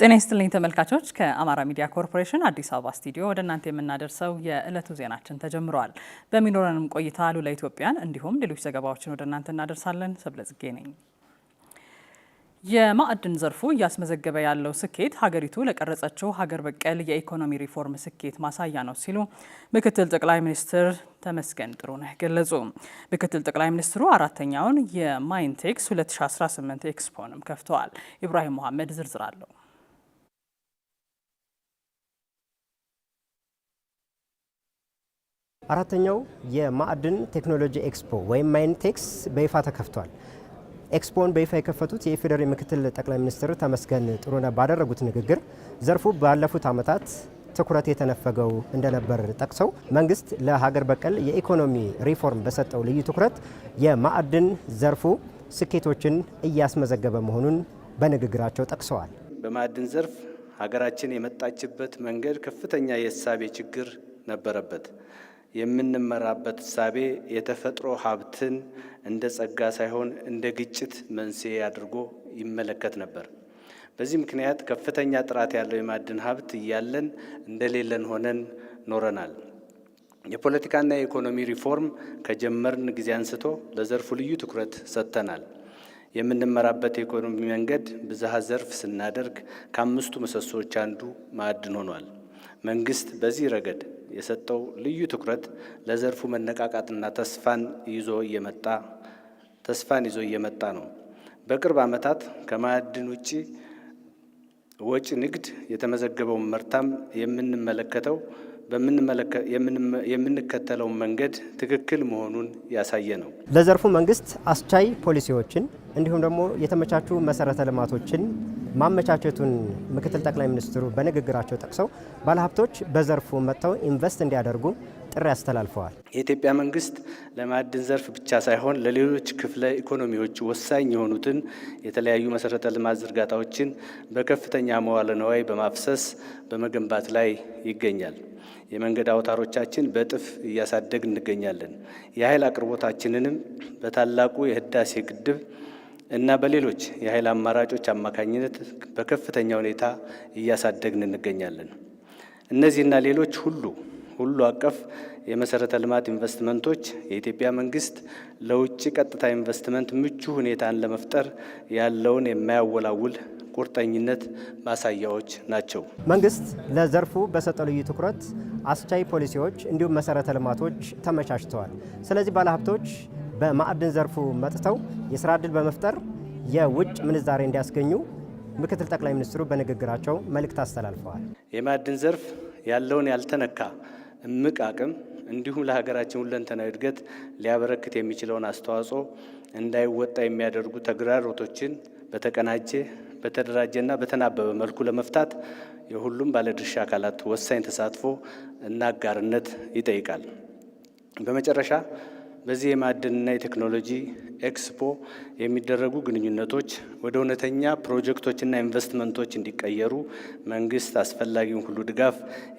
ጤና ይስጥልኝ ተመልካቾች፣ ከአማራ ሚዲያ ኮርፖሬሽን አዲስ አበባ ስቱዲዮ ወደ እናንተ የምናደርሰው የዕለቱ ዜናችን ተጀምረዋል። በሚኖረንም ቆይታ ሉላ ኢትዮጵያን እንዲሁም ሌሎች ዘገባዎችን ወደ እናንተ እናደርሳለን። ሰብለጽጌ ነኝ። የማዕድን ዘርፉ እያስመዘገበ ያለው ስኬት ሀገሪቱ ለቀረጸችው ሀገር በቀል የኢኮኖሚ ሪፎርም ስኬት ማሳያ ነው ሲሉ ምክትል ጠቅላይ ሚኒስትር ተመስገን ጥሩነህ ገለጹ። ምክትል ጠቅላይ ሚኒስትሩ አራተኛውን የማይንቴክስ 2018 ኤክስፖንም ከፍተዋል። ኢብራሂም መሐመድ ዝርዝር አለው። አራተኛው የማዕድን ቴክኖሎጂ ኤክስፖ ወይም ማይንቴክስ በይፋ ተከፍቷል። ኤክስፖን በይፋ የከፈቱት የኢፌዴሪ ምክትል ጠቅላይ ሚኒስትር ተመስገን ጥሩነህ ባደረጉት ንግግር ዘርፉ ባለፉት ዓመታት ትኩረት የተነፈገው እንደነበር ጠቅሰው መንግስት ለሀገር በቀል የኢኮኖሚ ሪፎርም በሰጠው ልዩ ትኩረት የማዕድን ዘርፉ ስኬቶችን እያስመዘገበ መሆኑን በንግግራቸው ጠቅሰዋል። በማዕድን ዘርፍ ሀገራችን የመጣችበት መንገድ ከፍተኛ የእሳቤ ችግር ነበረበት። የምንመራበት እሳቤ የተፈጥሮ ሀብትን እንደ ጸጋ ሳይሆን እንደ ግጭት መንስኤ አድርጎ ይመለከት ነበር። በዚህ ምክንያት ከፍተኛ ጥራት ያለው የማዕድን ሀብት እያለን እንደሌለን ሆነን ኖረናል። የፖለቲካና የኢኮኖሚ ሪፎርም ከጀመርን ጊዜ አንስቶ ለዘርፉ ልዩ ትኩረት ሰጥተናል። የምንመራበት የኢኮኖሚ መንገድ ብዝሃ ዘርፍ ስናደርግ ከአምስቱ ምሰሶዎች አንዱ ማዕድን ሆኗል። መንግስት በዚህ ረገድ የሰጠው ልዩ ትኩረት ለዘርፉ መነቃቃትና ተስፋን ይዞ እየመጣ ተስፋን ይዞ እየመጣ ነው። በቅርብ ዓመታት ከማዕድን ውጪ ወጪ ንግድ የተመዘገበውን መርታም የምንመለከተው የምንከተለው መንገድ ትክክል መሆኑን ያሳየ ነው። ለዘርፉ መንግስት አስቻይ ፖሊሲዎችን እንዲሁም ደግሞ የተመቻቹ መሰረተ ልማቶችን ማመቻቸቱን ምክትል ጠቅላይ ሚኒስትሩ በንግግራቸው ጠቅሰው ባለሀብቶች በዘርፉ መጥተው ኢንቨስት እንዲያደርጉ ጥሪ አስተላልፈዋል። የኢትዮጵያ መንግስት ለማዕድን ዘርፍ ብቻ ሳይሆን ለሌሎች ክፍለ ኢኮኖሚዎች ወሳኝ የሆኑትን የተለያዩ መሰረተ ልማት ዝርጋታዎችን በከፍተኛ መዋለ ነዋይ በማፍሰስ በመገንባት ላይ ይገኛል። የመንገድ አውታሮቻችን በእጥፍ እያሳደግ እንገኛለን። የኃይል አቅርቦታችንንም በታላቁ የህዳሴ ግድብ እና በሌሎች የኃይል አማራጮች አማካኝነት በከፍተኛ ሁኔታ እያሳደግን እንገኛለን። እነዚህና ሌሎች ሁሉ ሁሉ አቀፍ የመሰረተ ልማት ኢንቨስትመንቶች የኢትዮጵያ መንግስት ለውጭ ቀጥታ ኢንቨስትመንት ምቹ ሁኔታን ለመፍጠር ያለውን የማያወላውል ቁርጠኝነት ማሳያዎች ናቸው። መንግስት ለዘርፉ በሰጠው ልዩ ትኩረት አስቻይ ፖሊሲዎች እንዲሁም መሰረተ ልማቶች ተመቻችተዋል። ስለዚህ ባለሀብቶች በማዕድን ዘርፉ መጥተው የስራ ዕድል በመፍጠር የውጭ ምንዛሬ እንዲያስገኙ ምክትል ጠቅላይ ሚኒስትሩ በንግግራቸው መልእክት አስተላልፈዋል። የማዕድን ዘርፍ ያለውን ያልተነካ እምቅ አቅም እንዲሁም ለሀገራችን ሁለንተናዊ እድገት ሊያበረክት የሚችለውን አስተዋጽኦ እንዳይወጣ የሚያደርጉ ተግዳሮቶችን በተቀናጀ በተደራጀና በተናበበ መልኩ ለመፍታት የሁሉም ባለድርሻ አካላት ወሳኝ ተሳትፎ እና አጋርነት ይጠይቃል። በመጨረሻ በዚህ የማዕድንና የቴክኖሎጂ ኤክስፖ የሚደረጉ ግንኙነቶች ወደ እውነተኛ ፕሮጀክቶችና ኢንቨስትመንቶች እንዲቀየሩ መንግስት አስፈላጊውን ሁሉ ድጋፍ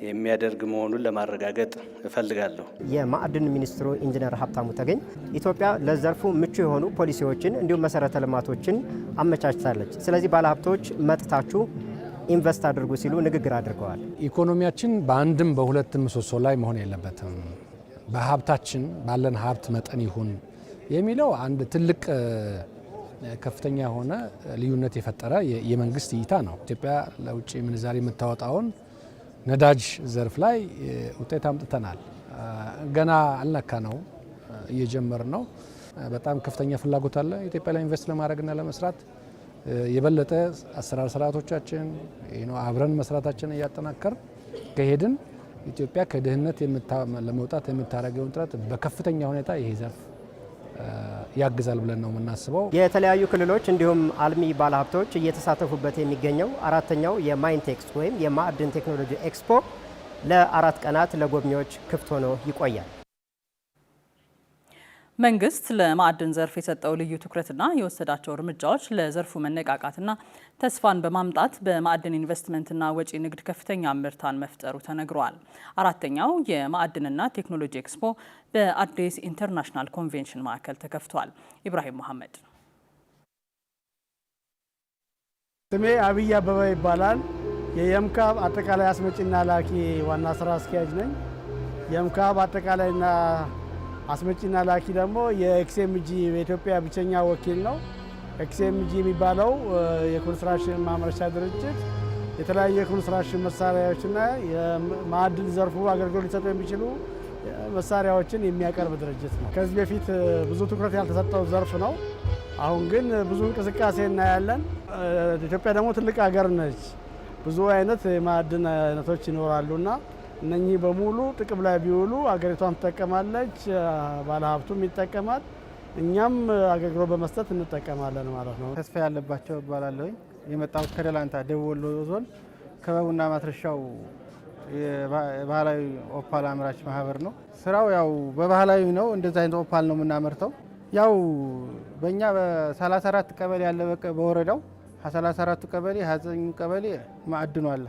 የሚያደርግ መሆኑን ለማረጋገጥ እፈልጋለሁ። የማዕድን ሚኒስትሩ ኢንጂነር ሀብታሙ ተገኝ ኢትዮጵያ ለዘርፉ ምቹ የሆኑ ፖሊሲዎችን እንዲሁም መሰረተ ልማቶችን አመቻችታለች። ስለዚህ ባለሀብቶች መጥታችሁ ኢንቨስት አድርጉ ሲሉ ንግግር አድርገዋል። ኢኮኖሚያችን በአንድም በሁለትም ምሰሶ ላይ መሆን የለበትም። በሀብታችን ባለን ሀብት መጠን ይሁን የሚለው አንድ ትልቅ ከፍተኛ የሆነ ልዩነት የፈጠረ የመንግስት እይታ ነው። ኢትዮጵያ ለውጭ ምንዛሪ የምታወጣውን ነዳጅ ዘርፍ ላይ ውጤት አምጥተናል። ገና አልነካ ነው፣ እየጀመር ነው። በጣም ከፍተኛ ፍላጎት አለ ኢትዮጵያ ላይ ኢንቨስት ለማድረግና ለመስራት የበለጠ አሰራር ስርዓቶቻችን አብረን መስራታችን እያጠናከር ከሄድን ኢትዮጵያ ከድህነት ለመውጣት የምታደርገውን ጥረት በከፍተኛ ሁኔታ ይሄ ዘርፍ ያግዛል ብለን ነው የምናስበው። የተለያዩ ክልሎች እንዲሁም አልሚ ባለሀብቶች እየተሳተፉበት የሚገኘው አራተኛው የማይንቴክስ ወይም የማዕድን ቴክኖሎጂ ኤክስፖ ለአራት ቀናት ለጎብኚዎች ክፍት ሆኖ ይቆያል። መንግስት ለማዕድን ዘርፍ የሰጠው ልዩ ትኩረትና የወሰዳቸው እርምጃዎች ለዘርፉ መነቃቃትና ተስፋን በማምጣት በማዕድን ኢንቨስትመንትና ወጪ ንግድ ከፍተኛ ምርታን መፍጠሩ ተነግሯል። አራተኛው የማዕድንና ቴክኖሎጂ ኤክስፖ በአዲስ ኢንተርናሽናል ኮንቬንሽን ማዕከል ተከፍቷል። ኢብራሂም መሐመድ። ስሜ አብይ አበባ ይባላል። የየምካብ አጠቃላይ አስመጪና ላኪ ዋና ስራ አስኪያጅ ነኝ። የምካብ አጠቃላይና አስመጪና ላኪ ደግሞ የኤክስኤምጂ በኢትዮጵያ ብቸኛ ወኪል ነው። ኤክስኤምጂ የሚባለው የኮንስትራክሽን ማምረቻ ድርጅት የተለያዩ የኮንስትራክሽን መሳሪያዎችና የማዕድን ዘርፉ አገልግሎት ሊሰጡ የሚችሉ መሳሪያዎችን የሚያቀርብ ድርጅት ነው። ከዚህ በፊት ብዙ ትኩረት ያልተሰጠው ዘርፍ ነው። አሁን ግን ብዙ እንቅስቃሴ እናያለን። ኢትዮጵያ ደግሞ ትልቅ ሀገር ነች። ብዙ አይነት የማዕድን አይነቶች ይኖራሉና እነኚህ በሙሉ ጥቅም ላይ ቢውሉ አገሪቷም ትጠቀማለች፣ ባለሀብቱም ይጠቀማል፣ እኛም አገልግሎት በመስጠት እንጠቀማለን ማለት ነው። ተስፋ ያለባቸው እባላለሁኝ። የመጣሁት ከደላንታ ደቡብ ወሎ ዞን ከበቡና ማትረሻው የባህላዊ ኦፓል አምራች ማህበር ነው። ስራው ያው በባህላዊ ነው። እንደዚህ አይነት ኦፓል ነው የምናመርተው። ያው በእኛ በ34 ቀበሌ ያለ በወረዳው 34 ቀበሌ 29 ቀበሌ ማዕድኑ አለ።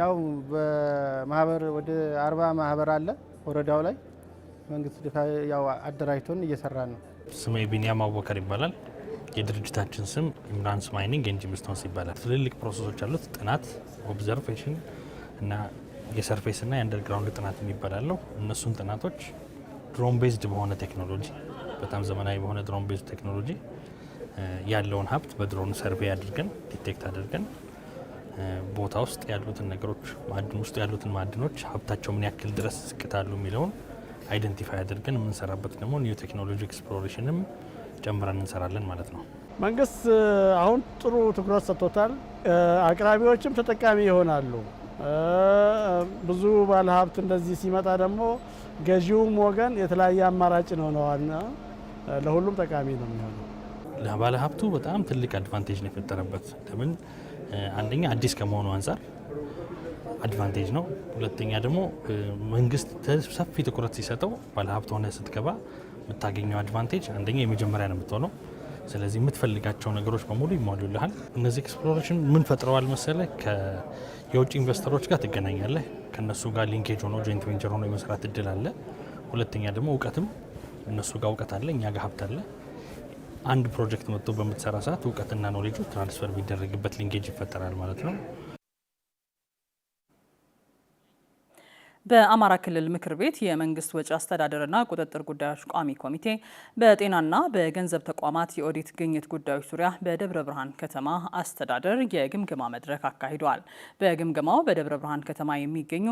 ያው በማህበር ወደ አርባ ማህበር አለ ወረዳው ላይ መንግስት ድካ ያው አደራጅቶን እየሰራ ነው። ስሜ ቢኒያም አወከር ይባላል። የድርጅታችን ስም ኢምራንስ ማይኒንግ ኤንድ ጂምስቶንስ ይባላል። ትልልቅ ፕሮሰሶች አሉት። ጥናት፣ ኦብዘርቬሽን እና የሰርፌስ እና የአንደርግራውንድ ጥናት የሚባላለው እነሱን ጥናቶች ድሮን ቤዝድ በሆነ ቴክኖሎጂ በጣም ዘመናዊ በሆነ ድሮን ቤዝድ ቴክኖሎጂ ያለውን ሀብት በድሮን ሰርቬይ አድርገን ዲቴክት አድርገን ቦታ ውስጥ ያሉትን ነገሮች ማድን ውስጥ ያሉትን ማድኖች ሀብታቸው ምን ያክል ድረስ ዝቅታሉ የሚለውን አይደንቲፋይ አድርገን የምንሰራበት ደግሞ ኒው ቴክኖሎጂ ኤክስፕሎሬሽንም ጨምረን እንሰራለን ማለት ነው። መንግስት አሁን ጥሩ ትኩረት ሰጥቶታል። አቅራቢዎችም ተጠቃሚ ይሆናሉ። ብዙ ባለሀብት እንደዚህ ሲመጣ ደግሞ ገዢውም ወገን የተለያየ አማራጭ ነው ነዋና ለሁሉም ጠቃሚ ነው የሚሆነው። ለባለሀብቱ በጣም ትልቅ አድቫንቴጅ ነው የፈጠረበት ለምን አንደኛ አዲስ ከመሆኑ አንጻር አድቫንቴጅ ነው። ሁለተኛ ደግሞ መንግስት ሰፊ ትኩረት ሲሰጠው ባለሀብት ሆነ ስትገባ የምታገኘው አድቫንቴጅ አንደኛ የመጀመሪያ ነው የምትሆነው። ስለዚህ የምትፈልጋቸው ነገሮች በሙሉ ይሟሉልሃል። እነዚህ ኤክስፕሎሬሽን ምን ፈጥረዋል መሰለ፣ የውጭ ኢንቨስተሮች ጋር ትገናኛለህ። ከእነሱ ጋር ሊንኬጅ ሆኖ ጆይንት ቬንቸር ሆኖ የመስራት እድል አለ። ሁለተኛ ደግሞ እውቀትም እነሱ ጋር እውቀት አለ፣ እኛ ጋር ሀብት አለ። አንድ ፕሮጀክት መጥቶ በምትሰራ ሰዓት እውቀትና ኖሌጁ ትራንስፈር የሚደረግበት ሊንጌጅ ይፈጠራል ማለት ነው። በአማራ ክልል ምክር ቤት የመንግስት ወጪ አስተዳደርና ቁጥጥር ጉዳዮች ቋሚ ኮሚቴ በጤናና በገንዘብ ተቋማት የኦዲት ግኝት ጉዳዮች ዙሪያ በደብረ ብርሃን ከተማ አስተዳደር የግምገማ መድረክ አካሂደዋል። በግምገማው በደብረ ብርሃን ከተማ የሚገኙ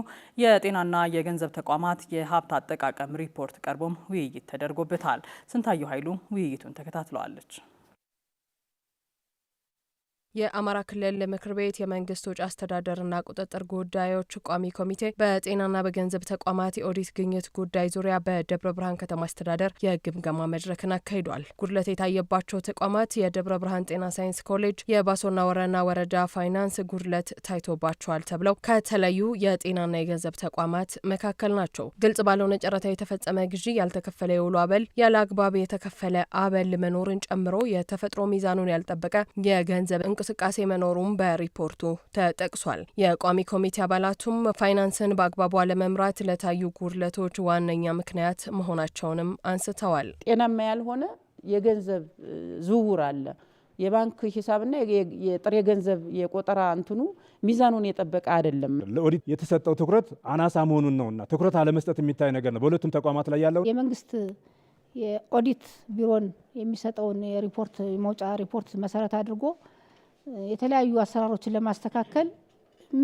የጤናና የገንዘብ ተቋማት የሀብት አጠቃቀም ሪፖርት ቀርቦም ውይይት ተደርጎበታል። ስንታየው ኃይሉ ውይይቱን ተከታትለዋለች። የአማራ ክልል ምክር ቤት የመንግስት ወጪ አስተዳደርና ቁጥጥር ጉዳዮች ቋሚ ኮሚቴ በጤናና በገንዘብ ተቋማት የኦዲት ግኝት ጉዳይ ዙሪያ በደብረ ብርሃን ከተማ አስተዳደር የግምገማ መድረክን አካሂዷል። ጉድለት የታየባቸው ተቋማት የደብረ ብርሃን ጤና ሳይንስ ኮሌጅ፣ የባሶና ወረና ወረዳ ፋይናንስ ጉድለት ታይቶባቸዋል ተብለው ከተለዩ የጤናና የገንዘብ ተቋማት መካከል ናቸው። ግልጽ ባልሆነ ጨረታ የተፈጸመ ግዢ፣ ያልተከፈለ የውሎ አበል፣ ያለ አግባብ የተከፈለ አበል መኖርን ጨምሮ የተፈጥሮ ሚዛኑን ያልጠበቀ የገንዘብ እንቅ እንቅስቃሴ መኖሩም በሪፖርቱ ተጠቅሷል። የቋሚ ኮሚቴ አባላቱም ፋይናንስን በአግባቡ አለመምራት ለታዩ ጉድለቶች ዋነኛ ምክንያት መሆናቸውንም አንስተዋል። ጤናማ ያልሆነ የገንዘብ ዝውውር አለ። የባንክ ሂሳብና የጥሬ ገንዘብ የቆጠራ እንትኑ ሚዛኑን የጠበቀ አይደለም። ለኦዲት የተሰጠው ትኩረት አናሳ መሆኑን ነውና ትኩረት አለመስጠት የሚታይ ነገር ነው። በሁለቱም ተቋማት ላይ ያለው የመንግስት የኦዲት ቢሮን የሚሰጠውን የሪፖርት መውጫ ሪፖርት መሰረት አድርጎ የተለያዩ አሰራሮችን ለማስተካከል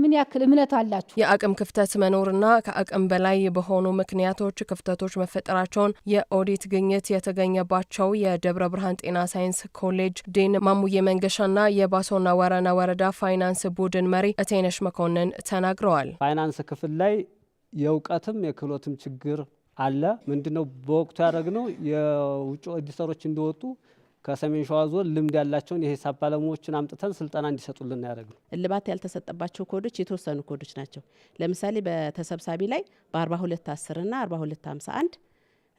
ምን ያክል እምነት አላችሁ? የአቅም ክፍተት መኖርና ከአቅም በላይ በሆኑ ምክንያቶች ክፍተቶች መፈጠራቸውን የኦዲት ግኝት የተገኘባቸው የደብረ ብርሃን ጤና ሳይንስ ኮሌጅ ዴን ማሙዬ መንገሻና የባሶና ወረና ወረዳ ፋይናንስ ቡድን መሪ እቴነሽ መኮንን ተናግረዋል። ፋይናንስ ክፍል ላይ የእውቀትም የክህሎትም ችግር አለ። ምንድነው በወቅቱ ያደረግነው የውጭ ኦዲተሮች እንደወጡ ከሰሜን ሸዋ ዞን ልምድ ያላቸውን የሂሳብ ባለሙያዎችን አምጥተን ስልጠና እንዲሰጡልን ያደረግ ነው። እልባት ያልተሰጠባቸው ኮዶች የተወሰኑ ኮዶች ናቸው። ለምሳሌ በተሰብሳቢ ላይ በ4210 እና 4251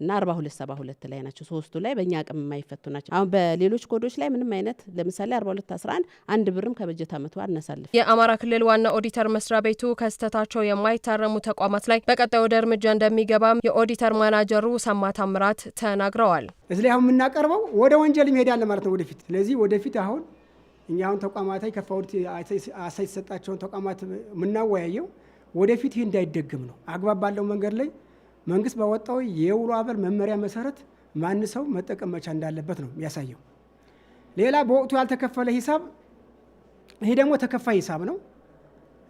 እና አርባ ሁለት ሰባ ሁለት ላይ ናቸው። ሶስቱ ላይ በእኛ አቅም የማይፈቱ ናቸው። አሁን በሌሎች ኮዶች ላይ ምንም አይነት ለምሳሌ አርባ ሁለት አስራ አንድ አንድ ብርም ከበጀት አመቱ አነሳልፍ። የአማራ ክልል ዋና ኦዲተር መስሪያ ቤቱ ከስህተታቸው የማይታረሙ ተቋማት ላይ በቀጣይ ወደ እርምጃ እንደሚገባም የኦዲተር ማናጀሩ ሰማ ታምራት ተናግረዋል። እዚህ ላይ አሁን የምናቀርበው ወደ ወንጀል ይሄዳል ማለት ነው ወደፊት። ስለዚህ ወደፊት አሁን እኛ አሁን ተቋማት ከፋ ኦዲት አሳ የተሰጣቸውን ተቋማት የምናወያየው ወደፊት ይህ እንዳይደግም ነው አግባብ ባለው መንገድ ላይ መንግስት ባወጣው የውሎ አበል መመሪያ መሰረት ማን ሰው መጠቀም መቻ እንዳለበት ነው የሚያሳየው። ሌላ በወቅቱ ያልተከፈለ ሂሳብ፣ ይሄ ደግሞ ተከፋይ ሂሳብ ነው።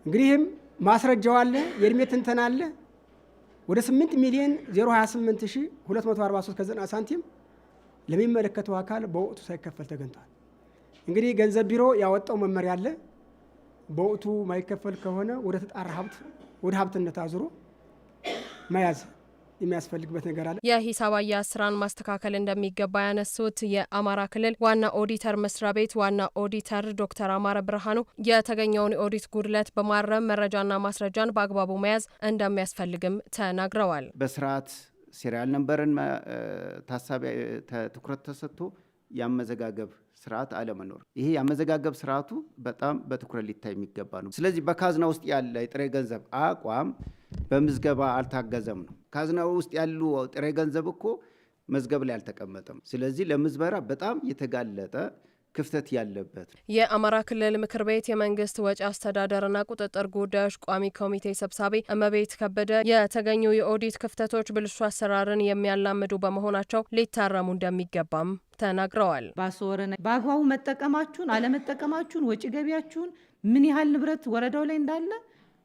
እንግዲህም ማስረጃው አለ፣ የእድሜ ትንተና አለ። ወደ 8 ሚሊዮን 028243 ከዘጠና ሳንቲም ለሚመለከተው አካል በወቅቱ ሳይከፈል ተገኝቷል። እንግዲህ ገንዘብ ቢሮ ያወጣው መመሪያ አለ። በወቅቱ ማይከፈል ከሆነ ወደ ተጣራ ሀብት ወደ ሀብትነት አዙሮ መያዝ የሚያስፈልግበት ነገር አለ። የሂሳብ አያያዝ ስራን ማስተካከል እንደሚገባ ያነሱት የአማራ ክልል ዋና ኦዲተር መስሪያ ቤት ዋና ኦዲተር ዶክተር አማረ ብርሃኑ የተገኘውን የኦዲት ጉድለት በማረም መረጃና ማስረጃን በአግባቡ መያዝ እንደሚያስፈልግም ተናግረዋል። በስርዓት ሴሪያል ነንበርን ታሳቢ ትኩረት ተሰጥቶ የአመዘጋገብ ስርዓት አለመኖር፣ ይሄ የአመዘጋገብ ስርዓቱ በጣም በትኩረት ሊታይ የሚገባ ነው። ስለዚህ በካዝና ውስጥ ያለ የጥሬ ገንዘብ አቋም በምዝገባ አልታገዘም ነው። ካዝናው ውስጥ ያሉ ጥሬ ገንዘብ እኮ መዝገብ ላይ አልተቀመጠም። ስለዚህ ለምዝበራ በጣም የተጋለጠ ክፍተት ያለበት የአማራ ክልል ምክር ቤት የመንግስት ወጪ አስተዳደርና ቁጥጥር ጉዳዮች ቋሚ ኮሚቴ ሰብሳቢ እመቤት ከበደ የተገኙ የኦዲት ክፍተቶች ብልሹ አሰራርን የሚያላምዱ በመሆናቸው ሊታረሙ እንደሚገባም ተናግረዋል። ባስወረነ በአግባቡ መጠቀማችሁን አለመጠቀማችሁን፣ ወጪ ገቢያችሁን፣ ምን ያህል ንብረት ወረዳው ላይ እንዳለ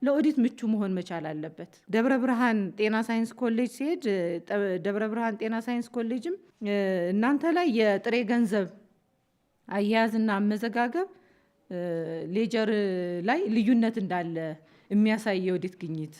ለኦዲት ምቹ መሆን መቻል አለበት። ደብረ ብርሃን ጤና ሳይንስ ኮሌጅ ሲሄድ ደብረ ብርሃን ጤና ሳይንስ ኮሌጅም እናንተ ላይ የጥሬ ገንዘብ አያያዝና አመዘጋገብ ሌጀር ላይ ልዩነት እንዳለ የሚያሳይ የኦዲት ግኝት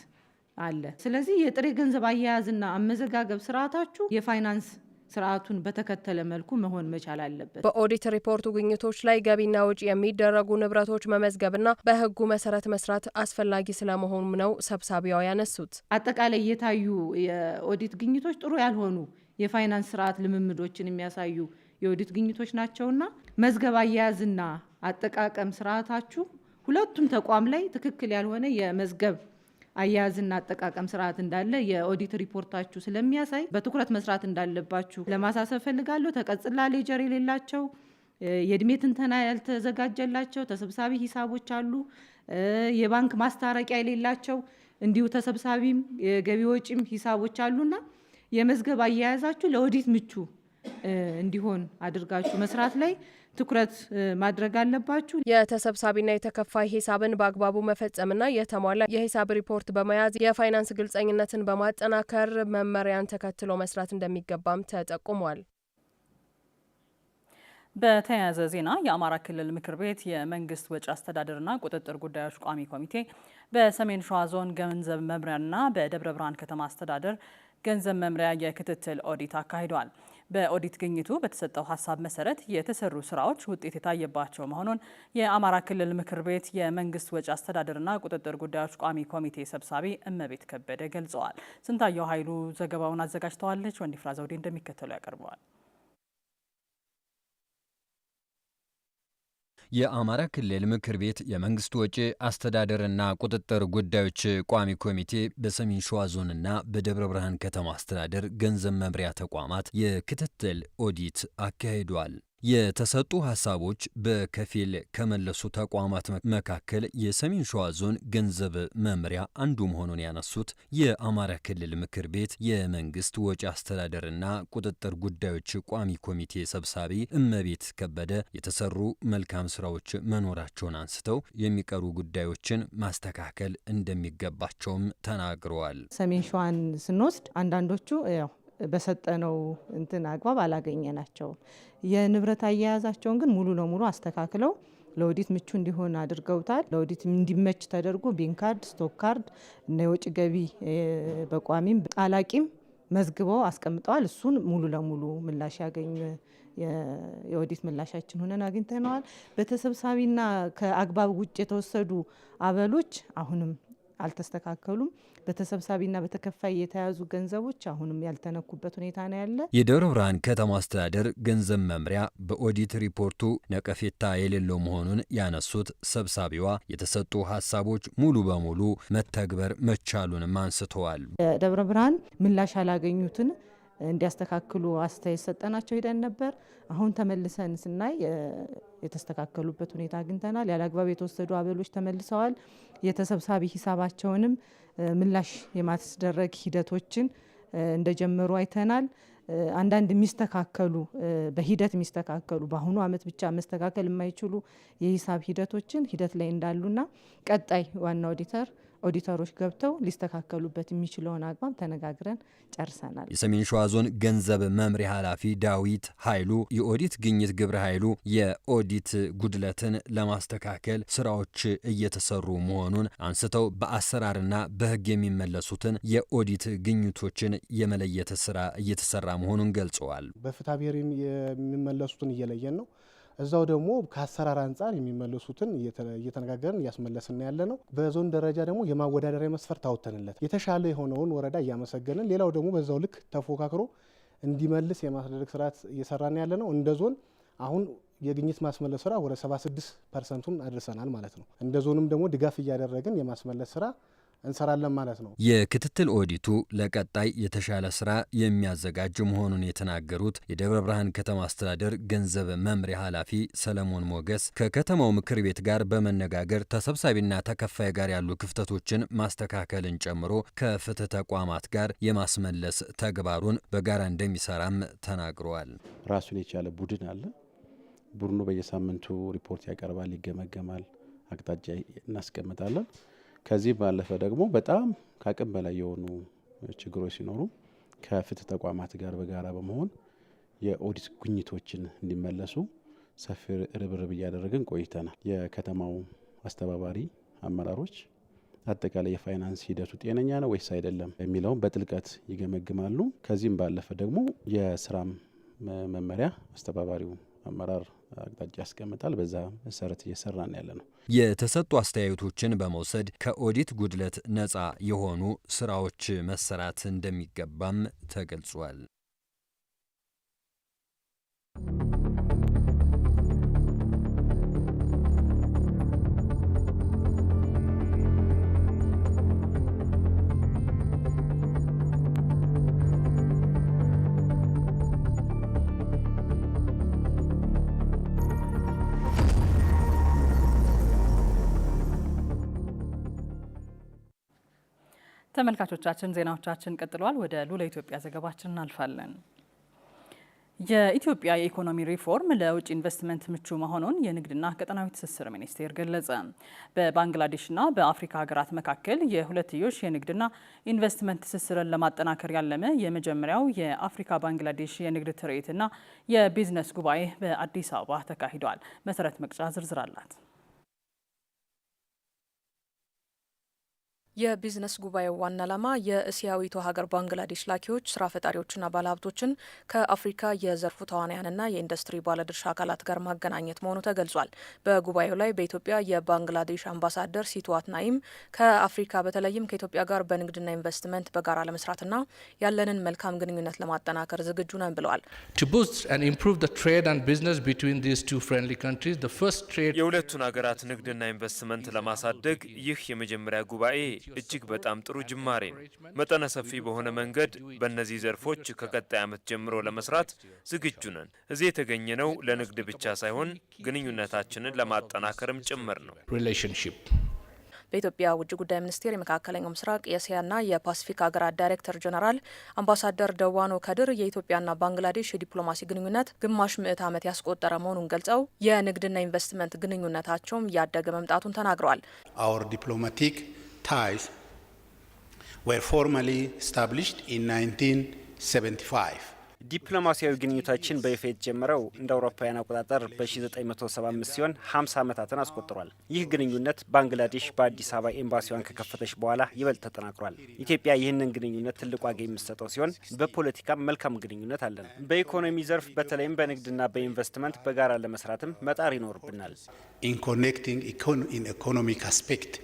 አለ። ስለዚህ የጥሬ ገንዘብ አያያዝና አመዘጋገብ ስርዓታችሁ የፋይናንስ ስርዓቱን በተከተለ መልኩ መሆን መቻል አለበት። በኦዲት ሪፖርቱ ግኝቶች ላይ ገቢና ውጭ የሚደረጉ ንብረቶች መመዝገብና በህጉ መሰረት መስራት አስፈላጊ ስለመሆኑም ነው ሰብሳቢዋ ያነሱት። አጠቃላይ የታዩ የኦዲት ግኝቶች ጥሩ ያልሆኑ የፋይናንስ ስርዓት ልምምዶችን የሚያሳዩ የኦዲት ግኝቶች ናቸውና መዝገብ አያያዝና አጠቃቀም ስርዓታችሁ ሁለቱም ተቋም ላይ ትክክል ያልሆነ የመዝገብ አያያዝና አጠቃቀም ስርዓት እንዳለ የኦዲት ሪፖርታችሁ ስለሚያሳይ በትኩረት መስራት እንዳለባችሁ ለማሳሰብ ፈልጋለሁ። ተቀጽላ ሌጀር የሌላቸው የእድሜ ትንተና ያልተዘጋጀላቸው ተሰብሳቢ ሂሳቦች አሉ። የባንክ ማስታረቂያ የሌላቸው እንዲሁ ተሰብሳቢም የገቢ ወጪም ሂሳቦች አሉና የመዝገብ አያያዛችሁ ለኦዲት ምቹ እንዲሆን አድርጋችሁ መስራት ላይ ትኩረት ማድረግ አለባችሁ። የተሰብሳቢና የተከፋይ ሂሳብን በአግባቡ መፈጸምና የተሟላ የሂሳብ ሪፖርት በመያዝ የፋይናንስ ግልጸኝነትን በማጠናከር መመሪያን ተከትሎ መስራት እንደሚገባም ተጠቁሟል። በተያያዘ ዜና የአማራ ክልል ምክር ቤት የመንግስት ወጪ አስተዳደርና ቁጥጥር ጉዳዮች ቋሚ ኮሚቴ በሰሜን ሸዋ ዞን ገንዘብ መምሪያና በደብረ ብርሃን ከተማ አስተዳደር ገንዘብ መምሪያ የክትትል ኦዲት አካሂዷል። በኦዲት ግኝቱ በተሰጠው ሀሳብ መሰረት የተሰሩ ስራዎች ውጤት የታየባቸው መሆኑን የአማራ ክልል ምክር ቤት የመንግስት ወጪ አስተዳደርና ቁጥጥር ጉዳዮች ቋሚ ኮሚቴ ሰብሳቢ እመቤት ከበደ ገልጸዋል። ስንታየው ኃይሉ ዘገባውን አዘጋጅተዋለች። ወንዲፍራ ዘውዴ እንደሚከተሉ ያቀርበዋል። የአማራ ክልል ምክር ቤት የመንግስት ወጪ አስተዳደርና ቁጥጥር ጉዳዮች ቋሚ ኮሚቴ በሰሜን ሸዋ ዞንና በደብረ ብርሃን ከተማ አስተዳደር ገንዘብ መምሪያ ተቋማት የክትትል ኦዲት አካሂዷል። የተሰጡ ሀሳቦች በከፊል ከመለሱ ተቋማት መካከል የሰሜን ሸዋ ዞን ገንዘብ መምሪያ አንዱ መሆኑን ያነሱት የአማራ ክልል ምክር ቤት የመንግስት ወጪ አስተዳደርና ቁጥጥር ጉዳዮች ቋሚ ኮሚቴ ሰብሳቢ እመቤት ከበደ የተሰሩ መልካም ስራዎች መኖራቸውን አንስተው የሚቀሩ ጉዳዮችን ማስተካከል እንደሚገባቸውም ተናግረዋል። ሰሜን ሸዋን ስንወስድ አንዳንዶቹ በሰጠነው እንትን አግባብ አላገኘናቸውም። የንብረት አያያዛቸውን ግን ሙሉ ለሙሉ አስተካክለው ለኦዲት ምቹ እንዲሆን አድርገውታል። ለኦዲት እንዲመች ተደርጎ ቢን ካርድ፣ ስቶክ ካርድ እና የውጭ ገቢ በቋሚም ጣላቂም መዝግበው አስቀምጠዋል። እሱን ሙሉ ለሙሉ ምላሽ ያገኙ የኦዲት ምላሻችን ሆነን አግኝተነዋል። በተሰብሳቢና ከአግባብ ውጭ የተወሰዱ አበሎች አሁንም አልተስተካከሉም። በተሰብሳቢና በተከፋይ የተያዙ ገንዘቦች አሁንም ያልተነኩበት ሁኔታ ነው ያለ። የደብረ ብርሃን ከተማ አስተዳደር ገንዘብ መምሪያ በኦዲት ሪፖርቱ ነቀፌታ የሌለው መሆኑን ያነሱት ሰብሳቢዋ የተሰጡ ሀሳቦች ሙሉ በሙሉ መተግበር መቻሉንም አንስተዋል። ደብረ ብርሃን ምላሽ ያላገኙትን እንዲያስተካክሉ አስተያየት ሰጠናቸው ሄደን ነበር። አሁን ተመልሰን ስናይ የተስተካከሉበት ሁኔታ አግኝተናል። ያለ አግባብ የተወሰዱ አበሎች ተመልሰዋል። የተሰብሳቢ ሂሳባቸውንም ምላሽ የማስደረግ ሂደቶችን እንደጀመሩ አይተናል። አንዳንድ የሚስተካከሉ በሂደት የሚስተካከሉ በአሁኑ ዓመት ብቻ መስተካከል የማይችሉ የሂሳብ ሂደቶችን ሂደት ላይ እንዳሉና ቀጣይ ዋና ኦዲተር ኦዲተሮች ገብተው ሊስተካከሉበት የሚችለውን አግባብ ተነጋግረን ጨርሰናል። የሰሜን ሸዋ ዞን ገንዘብ መምሪያ ኃላፊ ዳዊት ኃይሉ የኦዲት ግኝት ግብረ ኃይሉ የኦዲት ጉድለትን ለማስተካከል ስራዎች እየተሰሩ መሆኑን አንስተው በአሰራርና በሕግ የሚመለሱትን የኦዲት ግኝቶችን የመለየት ስራ እየተሰራ መሆኑን ገልጸዋል። በፍትሐ ብሔር የሚመለሱትን እየለየን ነው። እዛው ደግሞ ከአሰራር አንጻር የሚመለሱትን እየተነጋገርን እያስመለስን ያለ ነው። በዞን ደረጃ ደግሞ የማወዳደሪያ መስፈርት አውጥተንለት የተሻለ የሆነውን ወረዳ እያመሰገንን፣ ሌላው ደግሞ በዛው ልክ ተፎካክሮ እንዲመልስ የማስደረግ ስርዓት እየሰራን ያለ ነው። እንደ ዞን አሁን የግኝት ማስመለስ ስራ ወደ 76 ፐርሰንቱን አድርሰናል ማለት ነው። እንደ ዞንም ደግሞ ድጋፍ እያደረግን የማስመለስ ስራ እንሰራለን ማለት ነው። የክትትል ኦዲቱ ለቀጣይ የተሻለ ስራ የሚያዘጋጅ መሆኑን የተናገሩት የደብረ ብርሃን ከተማ አስተዳደር ገንዘብ መምሪያ ኃላፊ ሰለሞን ሞገስ ከከተማው ምክር ቤት ጋር በመነጋገር ተሰብሳቢና ተከፋይ ጋር ያሉ ክፍተቶችን ማስተካከልን ጨምሮ ከፍትህ ተቋማት ጋር የማስመለስ ተግባሩን በጋራ እንደሚሰራም ተናግረዋል። ራሱን የቻለ ቡድን አለ። ቡድኑ በየሳምንቱ ሪፖርት ያቀርባል፣ ይገመገማል፣ አቅጣጫ እናስቀምጣለን። ከዚህ ባለፈ ደግሞ በጣም ከአቅም በላይ የሆኑ ችግሮች ሲኖሩ ከፍትህ ተቋማት ጋር በጋራ በመሆን የኦዲት ጉኝቶችን እንዲመለሱ ሰፊ ርብርብ እያደረግን ቆይተናል። የከተማው አስተባባሪ አመራሮች አጠቃላይ የፋይናንስ ሂደቱ ጤነኛ ነው ወይስ አይደለም የሚለውን በጥልቀት ይገመግማሉ። ከዚህም ባለፈ ደግሞ የስራም መመሪያ አስተባባሪው አመራር አቅጣጫ ያስቀምጣል። በዛ መሰረት እየሰራን ያለ ነው። የተሰጡ አስተያየቶችን በመውሰድ ከኦዲት ጉድለት ነፃ የሆኑ ስራዎች መሰራት እንደሚገባም ተገልጿል። ተመልካቾቻችን ዜናዎቻችን ቀጥለዋል። ወደ ሉላ ኢትዮጵያ ዘገባችን እናልፋለን። የኢትዮጵያ የኢኮኖሚ ሪፎርም ለውጭ ኢንቨስትመንት ምቹ መሆኑን የንግድና ቀጠናዊ ትስስር ሚኒስቴር ገለጸ። በባንግላዴሽና በአፍሪካ ሀገራት መካከል የሁለትዮሽ የንግድና ኢንቨስትመንት ትስስርን ለማጠናከር ያለመ የመጀመሪያው የአፍሪካ ባንግላዴሽ የንግድ ትርኢትና የቢዝነስ ጉባኤ በአዲስ አበባ ተካሂዷል። መሰረት መቅጫ ዝርዝር አላት። የቢዝነስ ጉባኤው ዋና ዓላማ የእስያዊቱ ሀገር ባንግላዴሽ ላኪዎች ስራ ፈጣሪዎችና ባለሀብቶችን ከአፍሪካ የዘርፉ ተዋናያንና የኢንዱስትሪ ባለድርሻ አካላት ጋር ማገናኘት መሆኑ ተገልጿል። በጉባኤው ላይ በኢትዮጵያ የባንግላዴሽ አምባሳደር ሲቱዋት ናይም ከአፍሪካ በተለይም ከኢትዮጵያ ጋር በንግድና ኢንቨስትመንት በጋራ ለመስራትና ያለንን መልካም ግንኙነት ለማጠናከር ዝግጁ ነን ብለዋል። የሁለቱን ሀገራት ንግድና ኢንቨስትመንት ለማሳደግ ይህ የመጀመሪያ ጉባኤ እጅግ በጣም ጥሩ ጅማሬ ነው። መጠነ ሰፊ በሆነ መንገድ በእነዚህ ዘርፎች ከቀጣይ ዓመት ጀምሮ ለመስራት ዝግጁ ነን። እዚህ የተገኘነው ለንግድ ብቻ ሳይሆን ግንኙነታችንን ለማጠናከርም ጭምር ነው። በኢትዮጵያ ውጭ ጉዳይ ሚኒስቴር የመካከለኛው ምስራቅ የእስያና የፓሲፊክ ሀገራት ዳይሬክተር ጀነራል አምባሳደር ደዋኖ ከድር የኢትዮጵያና ባንግላዴሽ የዲፕሎማሲ ግንኙነት ግማሽ ምዕት ዓመት ያስቆጠረ መሆኑን ገልጸው የንግድና ኢንቨስትመንት ግንኙነታቸውም እያደገ መምጣቱን ተናግረዋል። ties were formally established in 1975. ዲፕሎማሲያዊ ግንኙታችን በይፋ የተጀመረው እንደ አውሮፓውያን አቆጣጠር በ1975 ሲሆን 50 ዓመታትን አስቆጥሯል። ይህ ግንኙነት ባንግላዴሽ በአዲስ አበባ ኤምባሲዋን ከከፈተች በኋላ ይበልጥ ተጠናክሯል። ኢትዮጵያ ይህንን ግንኙነት ትልቅ ዋጋ የምትሰጠው ሲሆን በፖለቲካም መልካም ግንኙነት አለን። በኢኮኖሚ ዘርፍ በተለይም በንግድና በኢንቨስትመንት በጋራ ለመስራትም መጣር ይኖርብናል። ኢን ኮኔክቲንግ ኢን ኢኮኖሚክ አስፔክት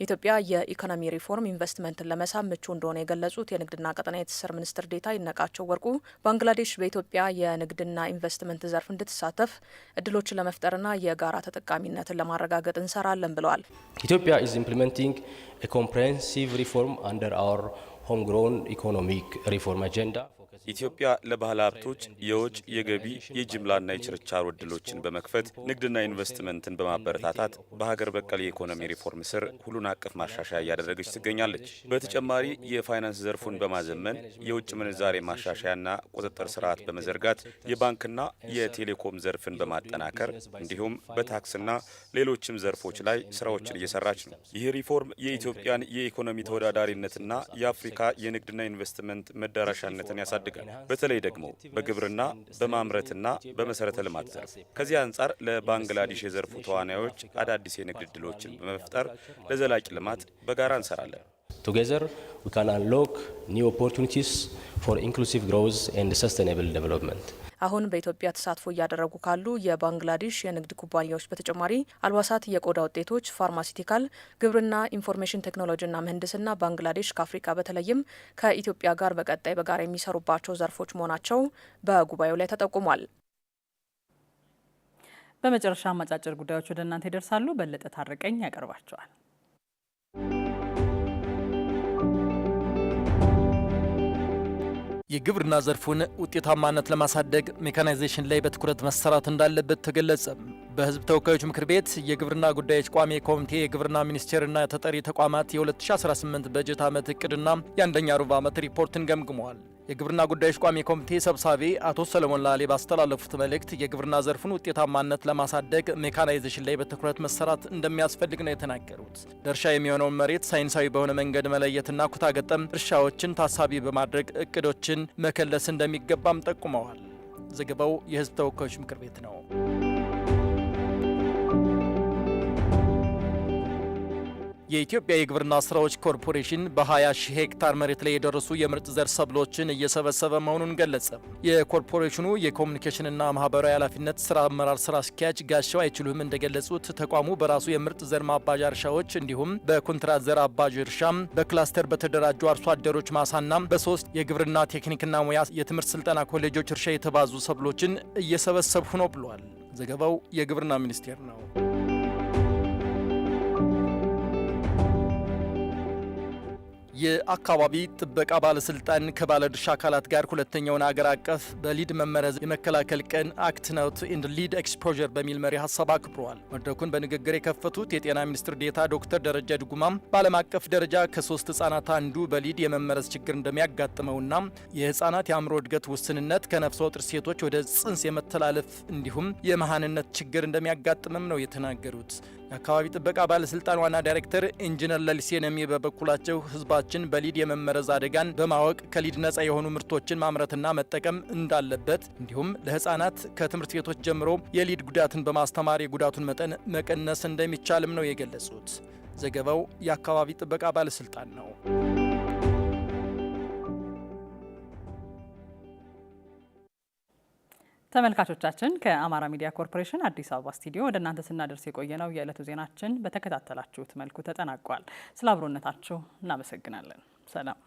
የኢትዮጵያ የኢኮኖሚ ሪፎርም ኢንቨስትመንትን ለመሳብ ምቹ እንደሆነ የገለጹት የንግድና ቀጠና የትስስር ሚኒስትር ዴታ ይነቃቸው ወርቁ ባንግላዴሽ በኢትዮጵያ የንግድና ኢንቨስትመንት ዘርፍ እንድትሳተፍ እድሎችን ለመፍጠርና የጋራ ተጠቃሚነትን ለማረጋገጥ እንሰራለን ብለዋል። ኢትዮጵያ ኢዝ ኢምፕሊመንቲንግ ኤ ኮምፕሬሄንሲቭ ሪፎርም አንደር አወር ሆምግሮን ኢኮኖሚክ ሪፎርም አጀንዳ ኢትዮጵያ ለባህል ሀብቶች የወጭ የገቢ የጅምላና የችርቻሮ እድሎችን በመክፈት ንግድና ኢንቨስትመንትን በማበረታታት በሀገር በቀል የኢኮኖሚ ሪፎርም ስር ሁሉን አቀፍ ማሻሻያ እያደረገች ትገኛለች። በተጨማሪ የፋይናንስ ዘርፉን በማዘመን የውጭ ምንዛሬ ማሻሻያና ቁጥጥር ስርዓት በመዘርጋት የባንክና የቴሌኮም ዘርፍን በማጠናከር እንዲሁም በታክስና ሌሎችም ዘርፎች ላይ ስራዎችን እየሰራች ነው። ይህ ሪፎርም የኢትዮጵያን የኢኮኖሚ ተወዳዳሪነትና የአፍሪካ የንግድና ኢንቨስትመንት መዳረሻነትን ያሳድጋል። ያስፈልጋል። በተለይ ደግሞ በግብርና በማምረትና በመሰረተ ልማት ዘርፍ። ከዚህ አንጻር ለባንግላዴሽ የዘርፉ ተዋናዮች አዳዲስ የንግድ ዕድሎችን በመፍጠር ለዘላቂ ልማት በጋራ እንሰራለን። ቱጌዘር ዊ ካን አንሎክ ኒው ኦፖርቱኒቲስ ፎር ኢንክሉሲቭ ግሮዝ ኤንድ ሰስተይናብል ዴቨሎፕመንት አሁን በኢትዮጵያ ተሳትፎ እያደረጉ ካሉ የባንግላዴሽ የንግድ ኩባንያዎች በተጨማሪ አልባሳት፣ የቆዳ ውጤቶች፣ ፋርማሲቲካል፣ ግብርና፣ ኢንፎርሜሽን ቴክኖሎጂና ምህንድስና ባንግላዴሽ ከአፍሪካ በተለይም ከኢትዮጵያ ጋር በቀጣይ በጋራ የሚሰሩባቸው ዘርፎች መሆናቸው በጉባኤው ላይ ተጠቁሟል። በመጨረሻ አጫጭር ጉዳዮች ወደ እናንተ ይደርሳሉ። በለጠ ታርቀኝ ያቀርባቸዋል። የግብርና ዘርፉን ውጤታማነት ለማሳደግ ሜካናይዜሽን ላይ በትኩረት መሰራት እንዳለበት ተገለጸ። በህዝብ ተወካዮች ምክር ቤት የግብርና ጉዳዮች ቋሚ ኮሚቴ የግብርና ሚኒስቴርና ተጠሪ ተቋማት የ2018 በጀት ዓመት እቅድና የአንደኛ ሩብ ዓመት ሪፖርትን ገምግመዋል። የግብርና ጉዳዮች ቋሚ ኮሚቴ ሰብሳቢ አቶ ሰለሞን ላሌ ባስተላለፉት መልእክት የግብርና ዘርፉን ውጤታማነት ለማሳደግ ሜካናይዜሽን ላይ በትኩረት መሰራት እንደሚያስፈልግ ነው የተናገሩት። ለእርሻ የሚሆነውን መሬት ሳይንሳዊ በሆነ መንገድ መለየትና ና ኩታገጠም እርሻዎችን ታሳቢ በማድረግ እቅዶችን መከለስ እንደሚገባም ጠቁመዋል። ዘገባው የሕዝብ ተወካዮች ምክር ቤት ነው። የኢትዮጵያ የግብርና ስራዎች ኮርፖሬሽን በ20 ሺህ ሄክታር መሬት ላይ የደረሱ የምርጥ ዘር ሰብሎችን እየሰበሰበ መሆኑን ገለጸ። የኮርፖሬሽኑ የኮሚኒኬሽንና ማህበራዊ ኃላፊነት ስራ አመራር ስራ አስኪያጅ ጋሻው አይችሉም እንደገለጹት ተቋሙ በራሱ የምርጥ ዘር ማባዣ እርሻዎች እንዲሁም በኮንትራት ዘር አባዥ እርሻ በክላስተር በተደራጁ አርሶ አደሮች ማሳና በሶስት የግብርና ቴክኒክና ሙያ የትምህርት ስልጠና ኮሌጆች እርሻ የተባዙ ሰብሎችን እየሰበሰብሁ ነው ብሏል። ዘገባው የግብርና ሚኒስቴር ነው። የአካባቢ ጥበቃ ባለስልጣን ከባለድርሻ አካላት ጋር ሁለተኛውን አገር አቀፍ በሊድ መመረዝ የመከላከል ቀን አክት ናውት ኢንድ ሊድ ኤክስፖዠር በሚል መሪ ሀሳብ አክብረዋል። መድረኩን በንግግር የከፈቱት የጤና ሚኒስትር ዴታ ዶክተር ደረጃ ድጉማም በዓለም አቀፍ ደረጃ ከሶስት ህጻናት አንዱ በሊድ የመመረዝ ችግር እንደሚያጋጥመውና የህጻናት የአእምሮ እድገት ውስንነት ከነፍሰ ወጥር ሴቶች ወደ ጽንስ የመተላለፍ እንዲሁም የመሃንነት ችግር እንደሚያጋጥምም ነው የተናገሩት። የአካባቢ ጥበቃ ባለስልጣን ዋና ዳይሬክተር ኢንጂነር ለሊሴ ነሚ በበኩላቸው ህዝባችን በሊድ የመመረዝ አደጋን በማወቅ ከሊድ ነጻ የሆኑ ምርቶችን ማምረትና መጠቀም እንዳለበት እንዲሁም ለህጻናት ከትምህርት ቤቶች ጀምሮ የሊድ ጉዳትን በማስተማር የጉዳቱን መጠን መቀነስ እንደሚቻልም ነው የገለጹት። ዘገባው የአካባቢ ጥበቃ ባለስልጣን ነው። ተመልካቾቻችን ከአማራ ሚዲያ ኮርፖሬሽን አዲስ አበባ ስቱዲዮ ወደ እናንተ ስናደርስ የቆየ ነው የዕለቱ ዜናችን በተከታተላችሁት መልኩ ተጠናቋል። ስለ አብሮነታችሁ እናመሰግናለን። ሰላም